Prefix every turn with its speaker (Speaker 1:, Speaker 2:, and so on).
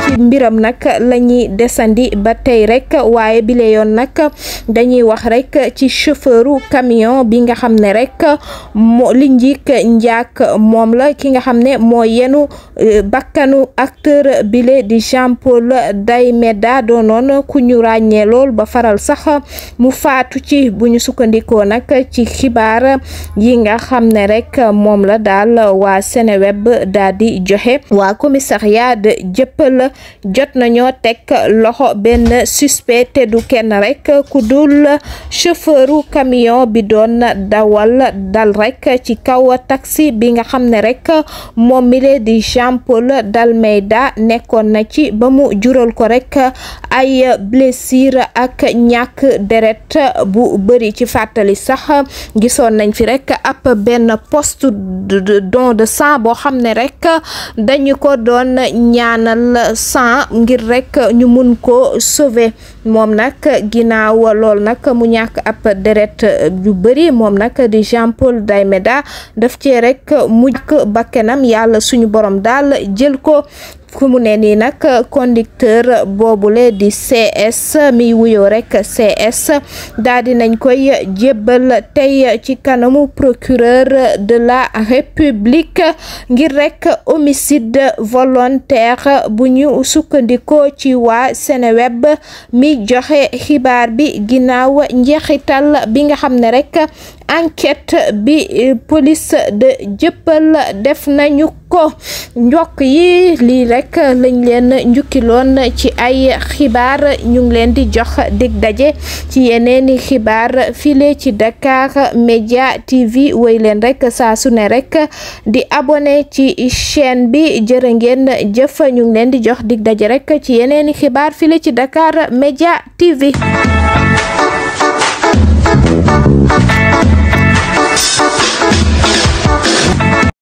Speaker 1: ci mbiram nag la ñuy desandi ba tey rek waaye bile yoon nag dañuy wax rek ci chauffeuru camion bi nga xam ne rek moo li njiik njaak moom la ki nga xam ne moo yenu euh, bakkanu acteur bile di Jean Paul Daimeda doonoon ku ñu ràññee lool ba faral sax mu faatu ci bu ñu sukkandikoo nag ci xibaar yi nga xam ne rek moom la daal waa Seneweb daal di joxe waa commissariat de Jëppal daal jot nañoo tek loxo benn suspect te du kenn rek ku dul chauffeuru camion bi doon dawal dal rek ci kaw taxi bi nga xam ne rek moom mi di Jean Paul Dalmeida nekkoon na ci ba mu jural ko rek ay blessure ak ñàkk deret bu bëri ci fàttali sax gisoon nañ fi rek ap benn poste don de sang boo xam ne rek dañu ko doon ñaanal sang ngir rek ñu mun ko sauver moom nag ginnaaw lool nag mu ñàkk ab deret yu bëri moom nag di Jean Paul Daimeda daf cee rek mujj bakkenam yàlla suñu borom daal jël ko fu mu ne nii nag conducteur boobule di CS mi wuyoo rek CS daal di nañ koy jébbal tey ci kanamu procureur de la république ngir rek homicide volontaire bu ñu sukkandikoo ci waa Seneweb mi joxe xibaar bi ginnaaw njeexital bi nga xam ne rek enquête bi police de Jëppal def nañu ko njokk yi lii rek lañ leen njukkiloon ci ay xibaar ñu leen di jox dig daje ci yeneeni xibaar file ci Dakar Media TV woy leen rekk saa su ne rek di abonné ci chaîne bi jërë jëf ñu leen di jox dig daje rekk ci yeneeni xibaar file ci Dakar Media TV